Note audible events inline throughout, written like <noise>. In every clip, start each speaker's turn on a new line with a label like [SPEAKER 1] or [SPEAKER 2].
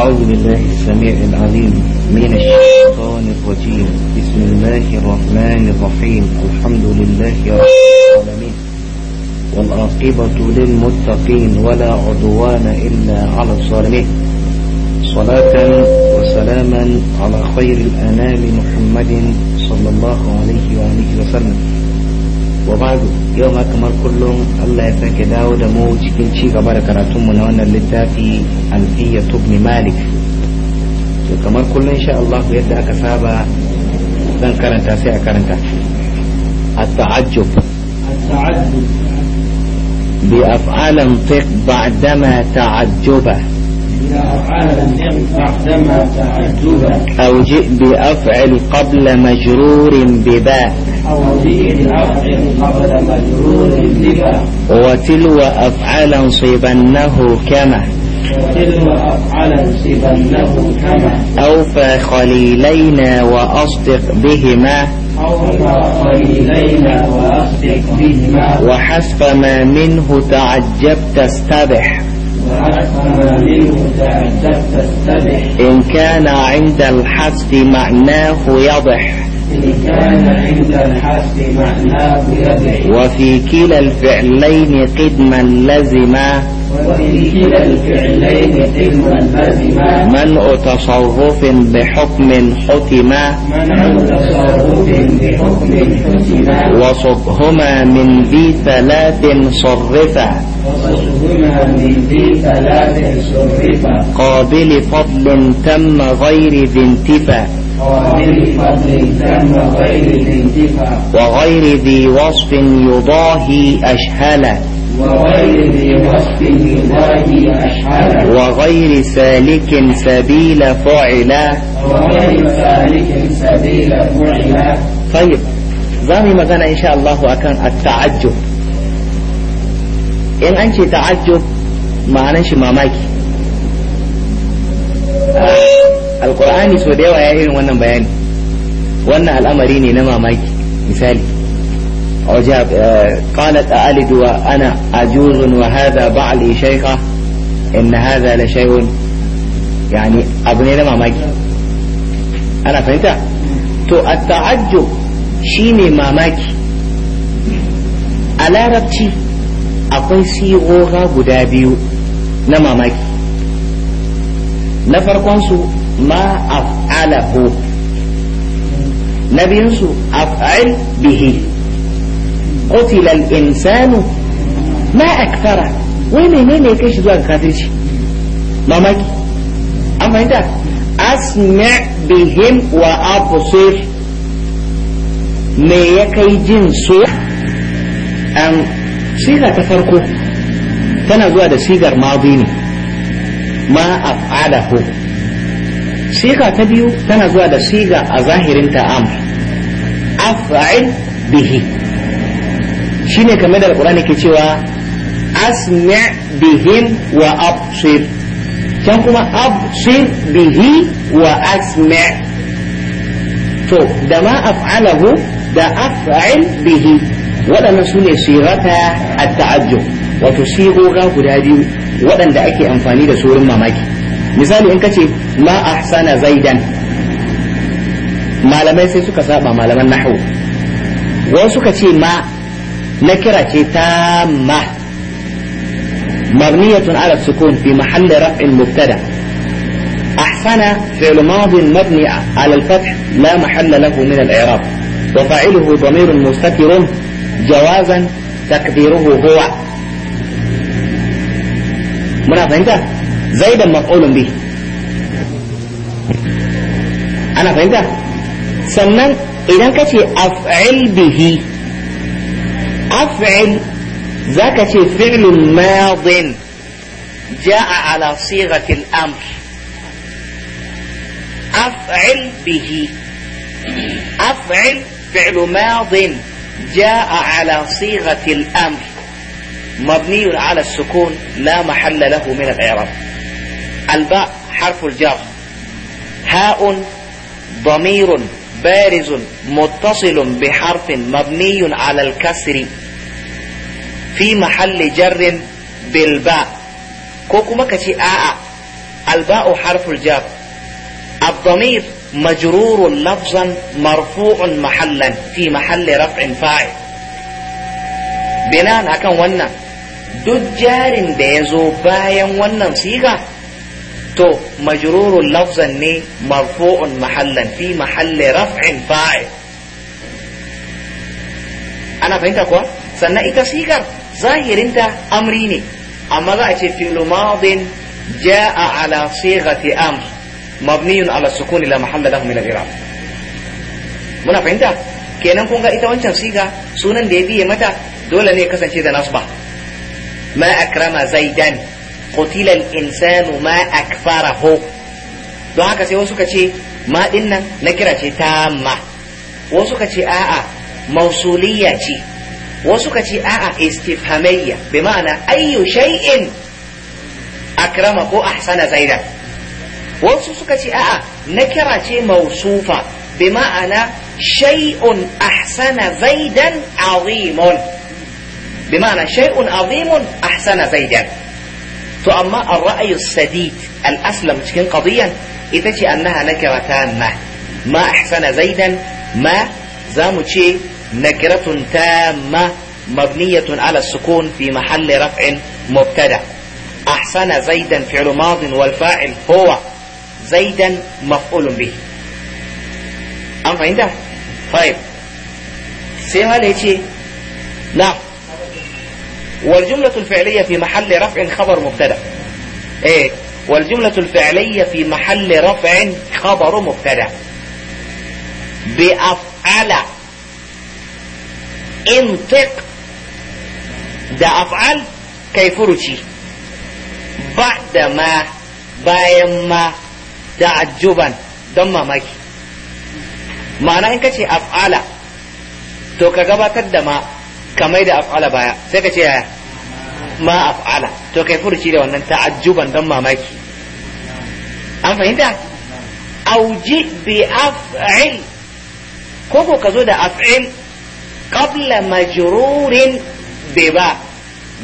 [SPEAKER 1] أعوذ بالله السميع العليم من الشيطان الرجيم بسم الله الرحمن الرحيم الحمد لله رب العالمين والعاقبة للمتقين ولا عدوان إلا على الظالمين صلاة وسلاما على خير الأنام محمد صلى الله عليه وآله وسلم وبعد يوم أكمل كلهم الله يسنك داود موج كل شيء قبل كراتهم اللي للتافي ألفية ابن مالك وكمل كل إن شاء الله بيدا كسابة دان كرنتا سيا كرنتا التعجب
[SPEAKER 2] التعجب
[SPEAKER 1] بأفعال انطق بعدما تعجبه
[SPEAKER 2] بأفعال انطق بعدما تعجبه
[SPEAKER 1] أو جئ بأفعل قبل مجرور بباء وتلو أفعالا صيبنه كما
[SPEAKER 2] وتلو أفعالا صيبنه كما
[SPEAKER 1] أوفى خليلينا وأصدق بهما وحسب ما منه تعجبت استبح إن كان عند الحسد معناه يضح وفي كلا الفعلين قدما لزما من تصرف بحكم حتما وصبهما من ذي ثلاث صرفا قابل فضل تم غير ذي انتفا وغير ذي وصف يضاهي أشهله وغير
[SPEAKER 2] ذي وصف يضاهي أشهله
[SPEAKER 1] وغير سالك سبيل فعلا
[SPEAKER 2] وغير سالك سبيل فعلا
[SPEAKER 1] طيب زامي مغانا إن شاء الله أكان التعجب إن أنت تعجب معناه شي ماماكي آه. alkur'ani sau da yawa ya irin wannan bayani wannan al'amari ne na mamaki misali a waje eh, qalat alidu wa ana ajuzun wa hadha ba'li shaykha inna hadha la shay'un yani abu ne na mamaki ana fahimta to at-ta'ajjub shine mamaki a larabci akwai sigoga guda biyu na mamaki na farkon su ma af'alahu na biyunsu af'al bihi qutila al-insanu ma akthara wai menene ya kai shi zuwa kafirci mamaki amma inda asma bihim wa absir me ya kai jin su an siga ta farko tana zuwa da sigar madi ne ma af'alahu siga ta biyu tana zuwa da siga a zahirin ta'am af'al bihi shine kamar da alqur'ani ke cewa asmi' bihim wa absir can kuma absir bihi wa asmi' to da ma af'alahu da af'al bihi waɗannan su ne sigata at-ta'ajjub wato sigoga guda biyu waɗanda ake amfani da su wurin mamaki misali in kace ma ahsana zaidan malamai sai suka saba malaman nahwu wai suka ce ma na kira ce ta ma mabniyatun ala sukun fi mahalli raf'in mubtada ahsana fi'l mabni ala al-fath la mahalla lahu min al-i'rab wa fa'iluhu damirun mustatirun jawazan takdiruhu huwa muna fahimta زيدا مفعول به انا فهمت سنن اذا كتي افعل به افعل ذاك فعل ماض جاء على صيغه الامر افعل به افعل فعل ماض جاء على صيغه الامر مبني على السكون لا محل له من الاعراب الباء حرف الجر هاء ضمير بارز متصل بحرف مبني على الكسر في محل جر بالباء كوكما كشي آآ الباء حرف الجر الضمير مجرور لفظا مرفوع محلا في محل رفع فاعل بناء akan wannan duk jarin da ya zo bayan wannan siga to majrurun lafzan ne marfu'un mahallan fi mahalli raf'in fa'il ana fahimta kuwa sannan ita sigar zahirinta amri ne amma za a ce fi'lu madin ja'a ala sighati amr mabniyun ala sukuni la mahalla lahu min al muna fahimta kenan kun ga ita wancan siga sunan da ya biye mata dole ne kasance da nasba ma akrama zaidan qutilal insanu ma akfaraho don haka sai wasu ka ce ma dinnan na kira ce tamma wasu ka ce a'a mausuliyya ce wasu ka ce a'a istifhamiyya bi ma'ana ayyu shay'in akrama ko ahsana zaidan wasu suka ce a'a na kira ce mausufa bi ma'ana shay'un ahsana zaidan azimun bi ma'ana shay'un azimun ahsana zaidan فأما الرأي السديد الأسلم تكين قضية إذا أنها نكرة تامة ما أحسن زيدا ما زامو شيء نكرة تامة مبنية على السكون في محل رفع مبتدأ أحسن زيدا فعل ماض والفاعل هو زيدا مفعول به أم عنده طيب سيما ليتي نعم والجملة الفعلية في محل رفع خبر مبتدأ ايه والجملة الفعلية في محل رفع خبر مبتدأ بأفعل انطق ده أفعل رجي بعد ما bayan ma ta'ajjuban don mamaki ma'ana in kace af'ala to kamar da af'ala baya sai ka ce yaya ma af'ala to kai furuci da wannan ta'ajjuban dan mamaki an fahimta auji bi af'il ko ko ka zo da af'il qabla majrurin bi ba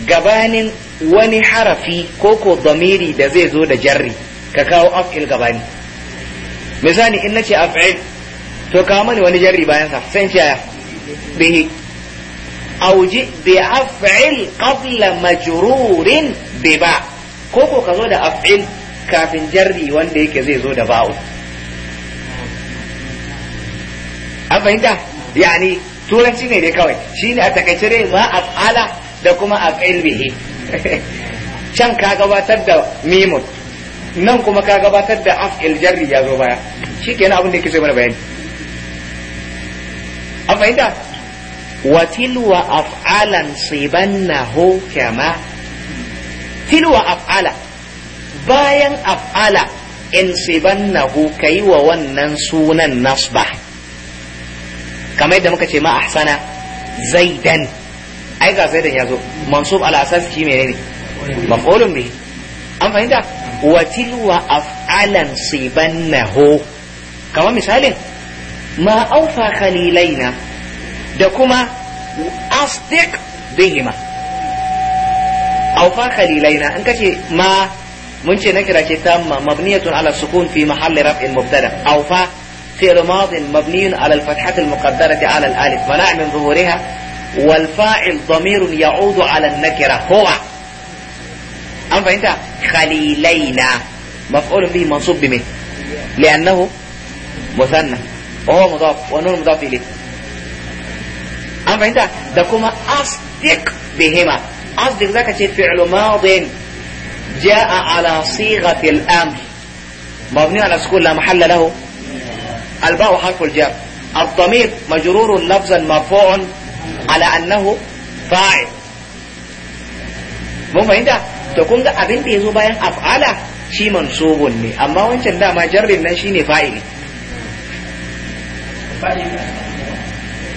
[SPEAKER 1] gabanin wani harafi ko ko damiri da zai zo da jarri ka kawo af'il gabani misali in nace af'il to kawo mani wani jarri bayan sa sai ce ce bihi qabla أو ko بأفعل قبل da بباء kafin كزود wanda كافن جري وان ديك زي زود باو أفهمت يعني turanci ne dai kawai shi ne a takaice dai ma af'ala da kuma af'il bihi can ka gabatar da mimun nan kuma ka gabatar da af'il jarri ya zo baya shi kenan abin da yake sai mana bayani an fahimta وتل وأفعلا صبنه كما تل وأفعلا bayan af'ala in ka yi wa wannan sunan nasba kamar yadda muka ce ma ahsana zaidan ai ga zaidan ya zo mansub ala asas shi menene maf'ulun bihi an fahimta wa tilwa af'alan sibannahu kamar misalin ma aufa khalilaina da kuma asdik bihima awfa khalilaina in kace ma mun ce nakira ce tamma mabniyatun ala sukun fi mahalli raf'in mubtada awfa فعل ماض مبني على الفتحة المقدرة على الألف منع من ظهورها والفاعل ضمير يعود على النكرة هو أم فأنت خليلينا مفعول به منصوب بمثل لأنه مثنى وهو مضاف ونون مضاف إليه an fahimta da kuma asdik bihima asdik zaka ce fi'lu madin jaa ala sighati al-amr mabni ala sukun la mahalla lahu jar الضمير مجرور لفظا مرفوع على انه فاعل mun fahimta to kun ga abin da yazo bayan af'ala shi mansubun ne amma wancan dama jarrin nan shine fa'ili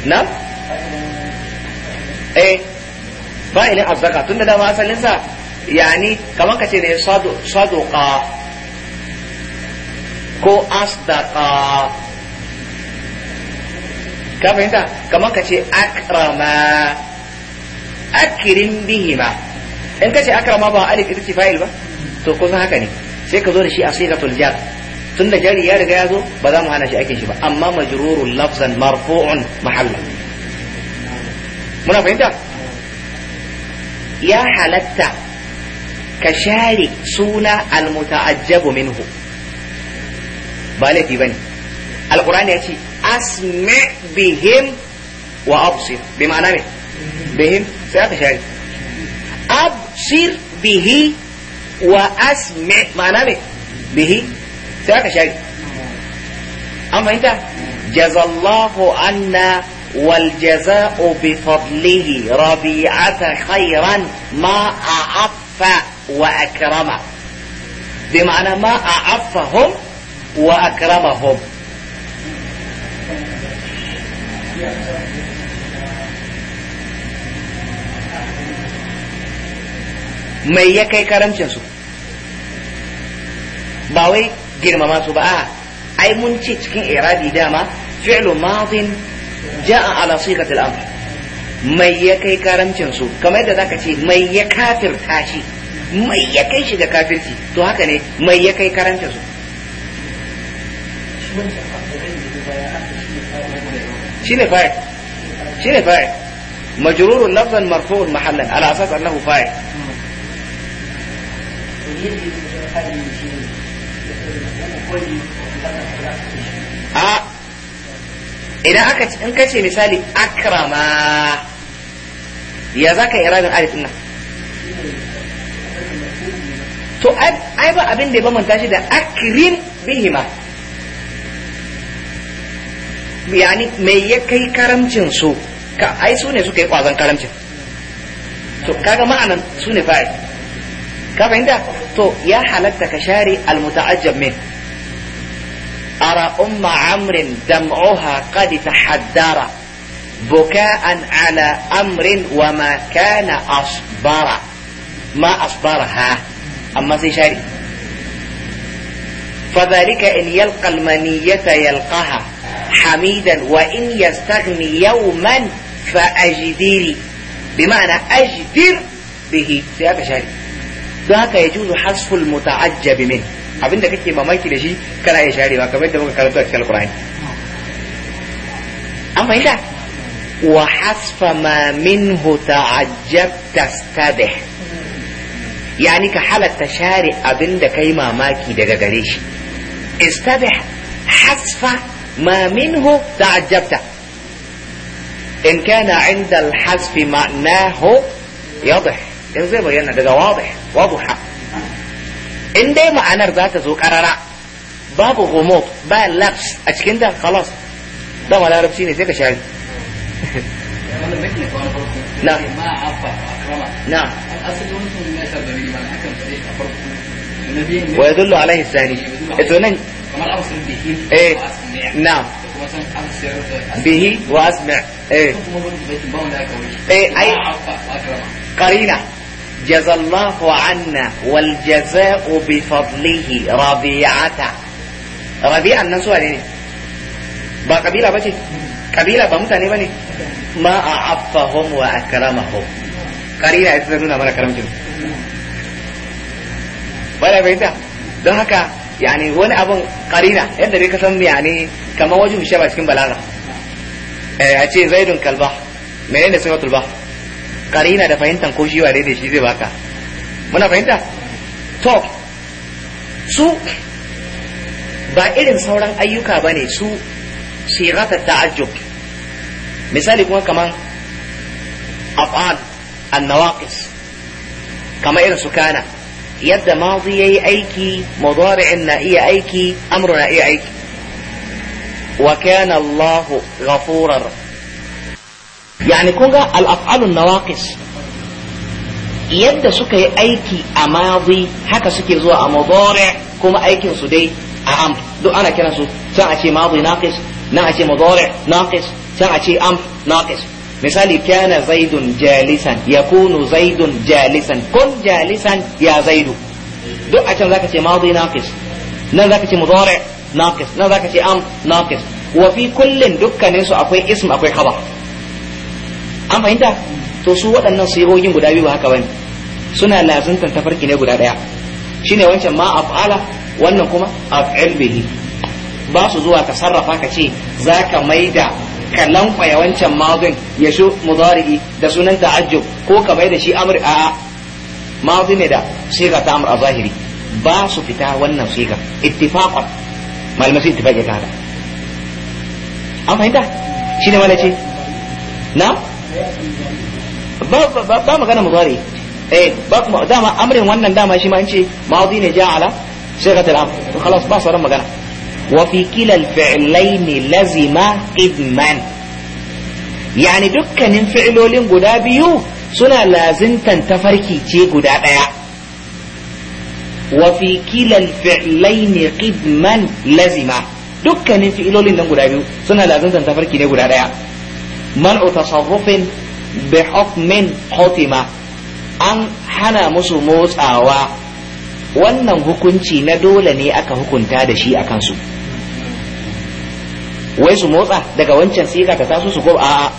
[SPEAKER 1] na eh fa'ilin azzaka tunda dama asalinsa yani kamar ka ne saduqa ko asdaqa ka fahimta kamar akrama bihima in akrama ba alif ita ce fa'il ba to haka ne sai ka zo da shi a sigatul jar tunda jari ya riga ya zo ba za mu hana shi ake shi ba amma majrurul lafzan marfu'un mahallan muna fahimta ya halatta ka share suna almuta'ajjabu minhu ba laifi bane alqur'ani ya ce asmi bihim wa absir bi ma'ana ne bihim sai ka share absir bihi wa asmi ma'ana ne bihi sai ka share an fahimta jazallahu anna والجزاء بفضله ربيعة خيرا ما أعف وأكرمه بمعنى ما أعفهم وأكرمهم mai ya kai karamcinsu ba wai girmama su ba ai mun ce cikin irabi dama fi'lu madin jaa ala sighati al-amr mai ya kai karancin su kamar yadda zaka ce mai ya kafir shi mai ya kai shi ga kafirci to haka ne mai ya kai karancin su shine fa'il shine fa'il majrurun lafzan marfu'un mahallan ala asas annahu fa'il a idan aka in ka ce misali akrama ya za ka yi irabin alif nan to ai ba abin da ya bamanta shi da akrim bihima yani mai ya kai karamcin su ka ai su ne suka yi kwazon karamcin to kaga ma'anan su ne fa'il ka fahimta to ya halatta ka share al-muta'ajjab min أرى أم عمرو دمعها قد تحدر بكاء على أمر وما كان أصبر ما أصبرها أما زي شاري فذلك إن يلقى المنية يلقاها حميدا وإن يستغني يوما فأجدري بمعنى أجدر به سياق شاري ذاك يجوز حذف المتعجب منه abinda kake mamaki da shi kana iya sharewa kamar yadda muka karanta cikin alqur'ani an fahimta wa hasfa ma minhu ta'ajjabta stade yani ka halatta share abinda kai mamaki daga gare shi istadih hasfa ma minhu ta'ajjabta إن كان عند الحذف ma'nahu yadh yanzu bayyana daga واضح واضحة in dai ma'anar za ta zo karara babu homo ba laps a cikin da khalas dama larabci ne sai ka shari
[SPEAKER 3] na na ويدل عليه الثاني اتونن ايه نعم به
[SPEAKER 1] واسمع ايه ايه اي قرينه جزى الله عنا والجزاء بفضله ربيعة ربيعة الناس وعليني با قبيلة بتي قبيلة بمتاني بني ما أعفهم وأكرمهم قرينة يتزنون أمر أكرمتهم ولا بيتا don haka yani wani abun karina yadda dai ka san yani kamar wajen shaba cikin balaga eh a ce zaidun kalba menene sifatul ba karina da fahimtar ko shi wa daidai shi zai baka muna fahimta to su ba irin sauran ayyuka ba ne su sigata ta'ajjub misali kuma kaman af'al annawaqis kama irin su kana yadda madi yayi aiki mudari'in na iya aiki amru na iya aiki wa kana Allahu ghafurar yani kun ga al'af'alun nawaqis yadda suka yi aiki a madi haka suke zuwa a mazore kuma aikin su dai a am duk ana kiran su san a ce madi naqis na a ce mazore naqis san a ce am naqis misali kana zaidun jalisan yakunu zaidun jalisan kun jalisan ya zaidu duk a can zaka ce naqis nan zaka ce naqis nan zaka ce am naqis wa fi kullin dukkanin su akwai ism akwai khabar an fahimta to su waɗannan sihohin guda biyu ba haka bane suna lazuntan tafarki ne guda ɗaya shine wancan ma af'ala wannan kuma af'il bihi ba su zuwa ka sarrafa ka ce za ka maida ka lankwaya wancan mazin ya shi mudari'i da sunan ta'ajjub ko ka maida shi amr a mazi ne da shiga ta amr a zahiri ba su fita wannan shiga ittifaqan malamai sun ittifaqi ta hada an fahimta shine wala ce na ba magana zare eh ba kuma dama amrin wannan dama shi ma an ce madi ne ja'ala sigat al-amr to khalas ba sauran magana wa fi kila al filain lazima idman yani dukkanin fi'lolin guda biyu suna lazintan tafarki ce guda daya wa fi kila al filain qidman lazima dukkanin fi'lolin nan guda biyu suna lazintan tafarki ne guda daya man'u tasarrufin bi hukmin hutima an hana musu motsawa wannan hukunci na dole ne aka hukunta da shi a kansu wai su motsa daga wancan siga ta taso su ko a'a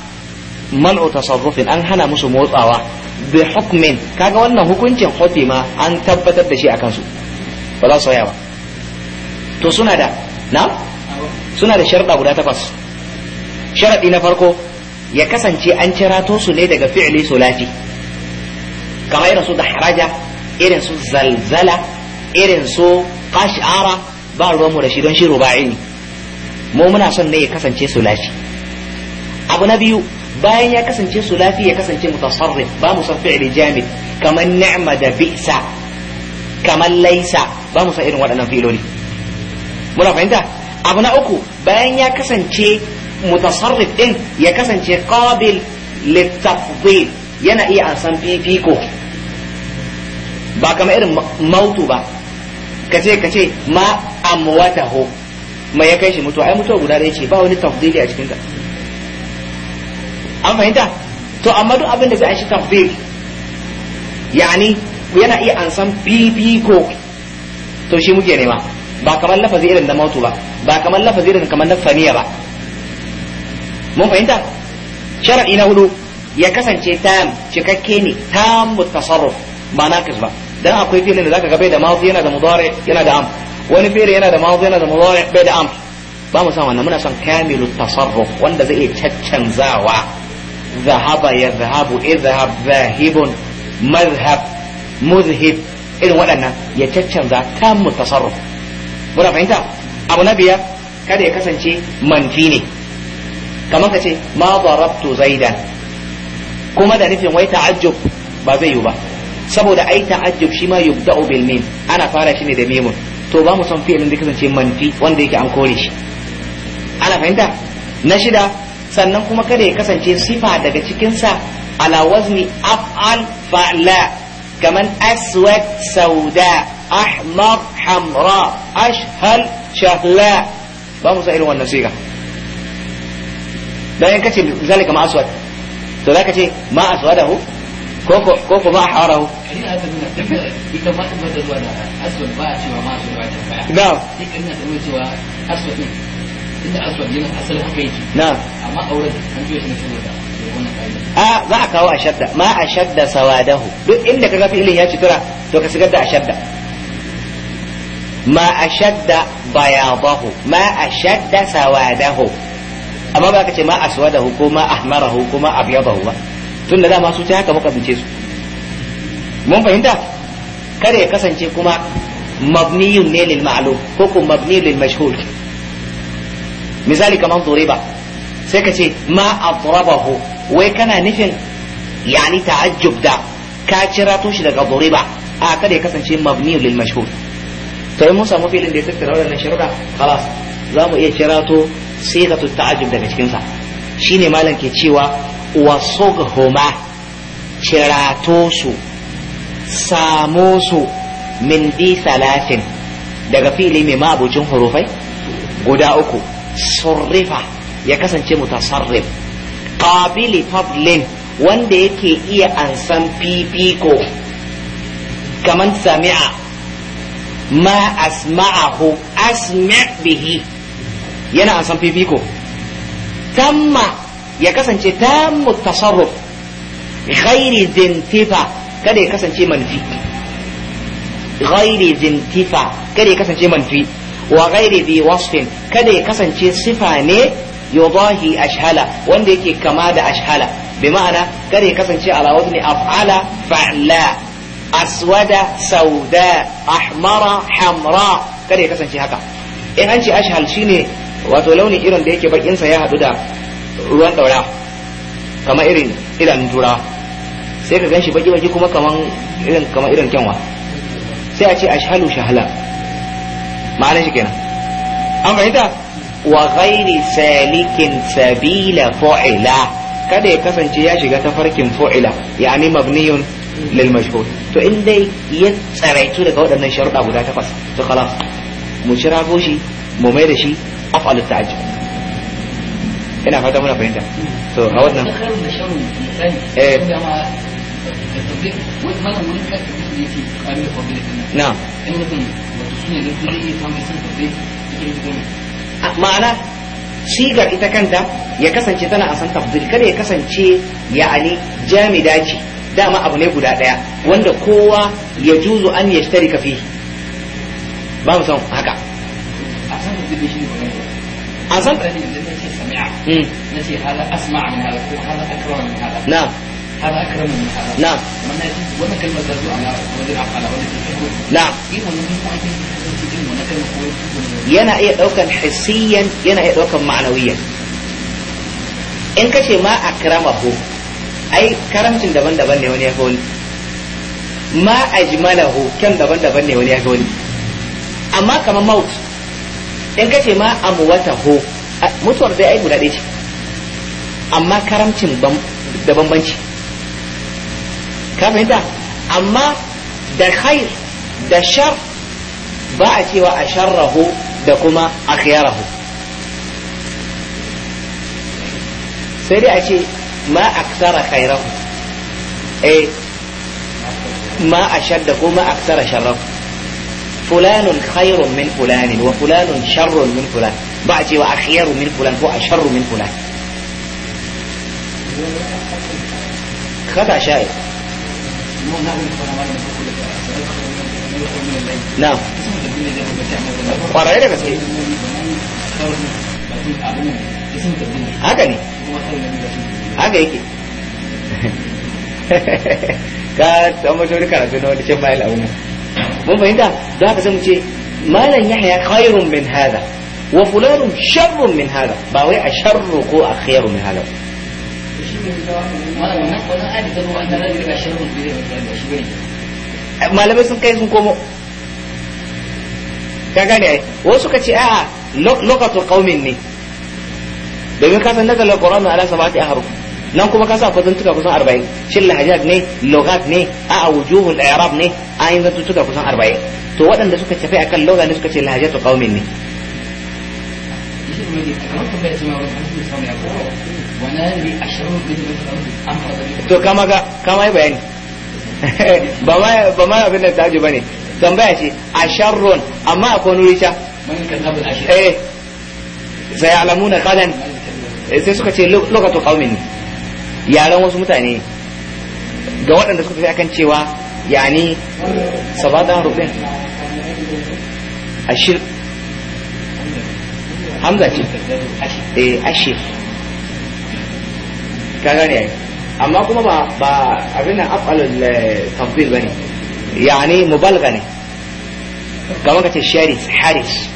[SPEAKER 1] man'u tasarrufin an hana musu motsawa bi hukmin kaga wannan hukuncin hutima an tabbatar da shi a kansu ba za su yawa to suna da na suna da sharɗa guda takwas sharaɗi na farko ya kasance an cirato su ne daga fi'li sulati kamar irin su dahraja irin su zalzala irin su qash'ara ba ruwanmu da shi don shi ruba'i ne mu muna son ne ya kasance sulati abu na biyu bayan ya kasance sulati ya kasance mutasarrif ba mu san fi'li jamid kamar ni'ma da bi'sa kamar laisa ba mu san irin waɗannan filoli muna fahimta abu na uku bayan ya kasance mutasarrif ɗin ya kasance qabil litafdil yana iya san fifiko ba kamar irin mautu ba kace kace ma amwatahu mai ya kai shi mutuwa ai mutuwa guda ɗaya ce ba wani tafdili a cikinta an fahimta to amma duk abin da zai shi tafdil yani yana iya ansan fifiko to shi muke nema ba kamar lafazi irin da mautu ba ba kamar lafazi irin kamar na ba mun fahimta shar'i na hudu ya kasance tam cikakke ne tam mutasarruf ba naqis ba dan akwai filin da zaka ga bai da mawdi yana da mudari yana da am wani fere yana da mawdi yana da mudari bai da am ba mu san wannan muna son kamilu tasarruf wanda zai iya caccanzawa zahaba ya zahabu izhab e zahibun mazhab muzhib irin waɗannan ya caccanza tamu tasarruf muna fahimta abu na biyar kada ya kasance manfi ne kamar ka ce ma darabtu zaidan kuma da nufin wai ta'ajjub ba zai yiwu ba saboda ai ta'ajjub shi ma yubda'u bil mim ana fara shi ne da mimun to ba mu san fi'ilin da kasance manfi wanda yake an kore shi ana fahimta na shida sannan kuma kada ya kasance sifa daga cikinsa ala wazni af'al fa'la kaman aswad sauda ahmar hamra ashhal shahla ba mu san irin wannan siga dan in kace zalika ma aswad to zaka ce ma aswadahu ko ko ko ko ma harahu
[SPEAKER 3] ita ma din da zuwa aswad ba a cewa ma aswad ba ta baya na'am ita ina da cewa aswad din inda aswad yana asalin haka yake na'am amma auren an ji
[SPEAKER 1] shi saboda a za a kawo a shadda ma a shadda sawadahu duk inda kaga fi'ilin ya citura to ka sigar da a shadda ma a shadda bayadahu ma a shadda sawadahu amma ba ka ce ma aswadahu ko ma ahmarahu ko ma abyadahu ba tunda dama su ta haka muka bince su mun fahimta kada ya kasance kuma mabniyun ne lil ma'lum ko kuma mabni lil mashhur misali kamar duriba sai ka ce ma adrabahu wai kana nufin yani ta'ajjub da ka cira shi daga duriba a kada ya kasance mabniyun lil mashhur to in mun samu filin da ya tattara wannan sharuda khalas za mu iya cira to. sai ka tutta ajin daga cikinsa shine malam ke cewa wasughuma cirato su samo su min di salatin daga fili mai mabucin hurufai guda uku surrifa ya kasance mutasarrif qabili fadlin wanda yake iya ansan fifiko kaman sami'a ma asma'ahu asma' bihi yana an san fifiko tamma ya kasance tammu tasarruf ghairi zintifa kada ya kasance manfi ghairi zintifa kada ya kasance manfi wa ghairi bi wasfin kada ya kasance sifa ne yudahi ashhala wanda yake kama da ashhala bi ma'ana kada ya kasance ala wazni af'ala fa'la aswada sauda ahmara hamra kada ya kasance haka in an ce ashhal shine wato launi irin da yake bakin sa ya hadu da ruwan daura kamar irin idan tura sai ka ganshi baki baki kuma kaman irin kamar irin kyanwa sai a ce a shahalu shahala ma'anar shi kenan an fahimta wa ghairi salikin sabila fu'ila kada ya kasance ya shiga tafarkin fu'ila yani mabniyun lil mashhur to in dai ya tsaraitu daga waɗannan sharuɗa guda takwas to khalas mu shira shi mu mai da shi af'al ta'ajjub ina fata muna fahimta to a wannan eh ma'ana shigar ita kanta ya kasance tana a san tafdil kada ya kasance ya'ani jamida ce dama abu ne guda daya wanda kowa ya juzu an ya shi fihi ba mu san haka
[SPEAKER 3] a san tafdil shi ne an san هذا أسمع من هذا أكرم من هذا نعم هذا أكرم من هذا نعم من كلمة تدعو على
[SPEAKER 1] نعم yana iya ɗaukan hissiyan yana iya ɗaukan ma'anawiyan in ka ce ma a karamahu ai karamcin daban-daban ne wani ya fi wani ma a kyan daban-daban ne wani ya fi wani amma kamar maut in ka ce ma amwatahu mutuwar dai ai guda ɗaya ce amma karamcin da bambanci ka fahimta amma da khair da shar ba a cewa a sharrahu da kuma a khiyarahu sai dai a ce ma a aksara khairahu eh ma a shar ashadda ko ma aksara sharrahu fulanun khairun min fulanin wa fulanun sharrun min fulan ba a cewa akhyaru min fulan ko asharru min نعم ƙwararre da gaske haka ne haka <laughs> ka samu shi karatu na wani cin mun fahimta da haka sai mu ce malam yahya khairun min hada wa fulanun sharrun min hada ba wai a sharru ko a khairu min hada malamai sun kai sun komo ka gane ai wasu ka ce a'a lokacin qaumin ne domin ka san nazala qur'anu ala sabati ahruf nan kuma ka sa tuka kusan arba'in shin lahajat ne logat ne a a wujuhun arab ne a yin tuka kusan arba'in to waɗanda suka tafi akan loga ne suka ce lahajatu qaumin ne to kama ga kama yi bayani <laughs> ba ma abin da ta ba ne tambaya ce sharron amma a kwanu ta eh sai alamuna qalan eh, sai suka ce lokacin qaumin ne yaren wasu mutane ga waɗanda suka tafi akan cewa ya yani sabadan rufin ashir hamza ce eh ashir ka gane yayi amma kuma ba ba abin nan afalul eh, tafdil bane yani mubalga ne kamar ka ce sharis haris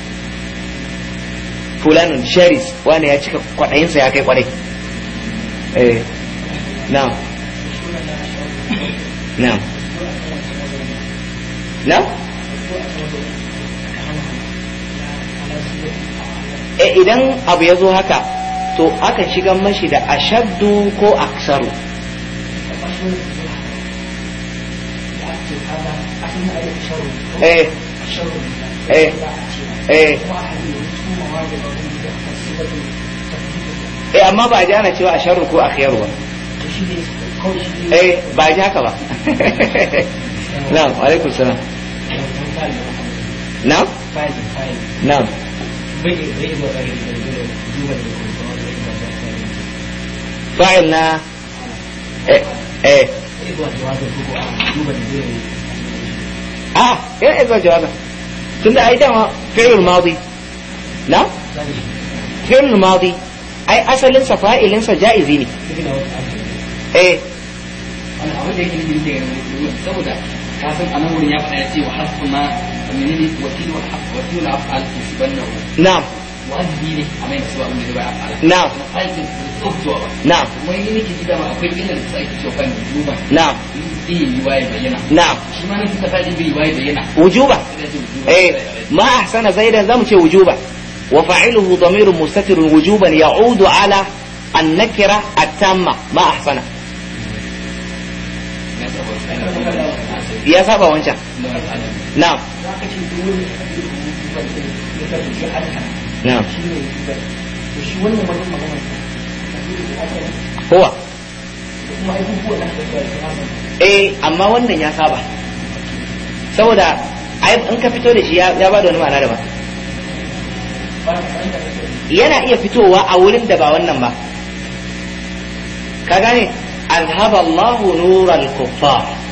[SPEAKER 1] fulanun sharis wani ya cika kwadayinsa ya kai kwaɗai eh. نعم نعم نعم idan abu ya zo haka to aka shiga mashi da ashaddu ko aksaru eh eh eh eh amma ba a ji ana cewa a ko akhyaru ba eh ba ji haka ba <laughs>
[SPEAKER 2] na'am alaikum salam na'am na'am
[SPEAKER 1] fa'il na eh eh ah eh eh jawabin tunda ai dama fi'il madi na fi'il madi ai asalin sa fa'ilin sa ja'izi ne eh abin da yake nufi da saboda
[SPEAKER 3] kasan a nan wurin ya faɗa ya ce wa hasuna menene wakilu wakilu afal yusibannahu na'am wajibi ne a mai abin da bai afal na'am tsoftuwa ba kuma yi nake ji dama akwai da ake cewa kan
[SPEAKER 1] wujuba na'am
[SPEAKER 3] bai yi waye bayyana na'am shi ma bayyana wujuba
[SPEAKER 1] eh ma ahsana zaidan zamu ce wujuba ضمير مستتر وجوبا يعود على النكرة التامة ما أحسنه ya saba wancan na'am na'am kowa eh amma wannan ya saba saboda in ka fito da shi ya ba da wani ma'ana da ba. yana iya fitowa a wurin da ba wannan ba ka gane azhaba Allahu nuran kuffar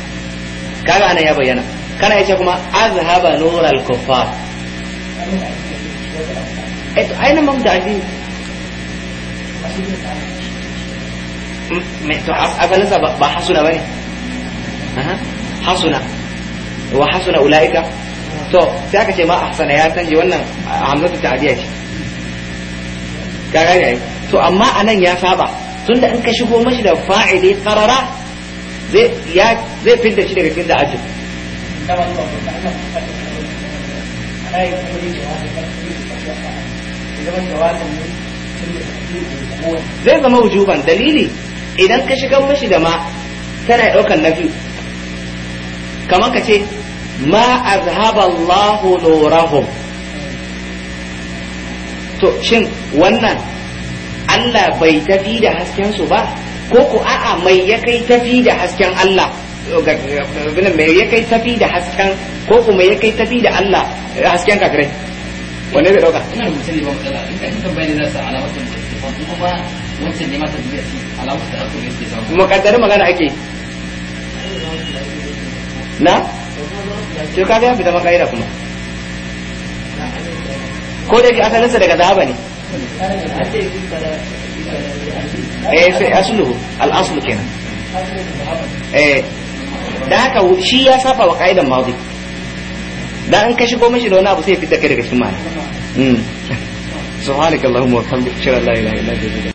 [SPEAKER 1] kaga anan ya bayyana kana yace kuma azhaba nural kuffar eto eh, to aina mabda'i me to asalin sa ba hasuna bane aha hasuna wa hasuna ulaika to sai aka ce ma ahsana ya sanje wannan hamzatu ta'diya ce kaga yayi to amma anan ya saba tunda in ka shigo mashi da fa'ili qarara zai fita shi daga cikin aji. zai zama wujuban dalili idan ka shiga mashi da ma tana na nafi kamar ka ce ma azhaba Allahu nurahum to shin wannan Allah bai tafi da hasken su ba ko ku a'a mai ya kai tafi da hasken Allah mai ya kai tafi da hasken ko ku mai ya kai tafi da Allah eh, hasken kakirai wanne zai dauka
[SPEAKER 3] ina da ne ba matsala in ka kan bayyana nasa alamatin ba kuma ba wancan ne mata duniya ce da
[SPEAKER 1] magana ake na ya fita makaida kuma ko da ke asalinsa daga zahaba ne
[SPEAKER 2] asulu
[SPEAKER 1] eh, sai al-aslu kenan eh da haka shi ya saba wa ka'idan madi da an ka shigo shi da wani abu sai ya fitar kai daga cikin hmm. <laughs> subhanakallahumma wa bihamdika la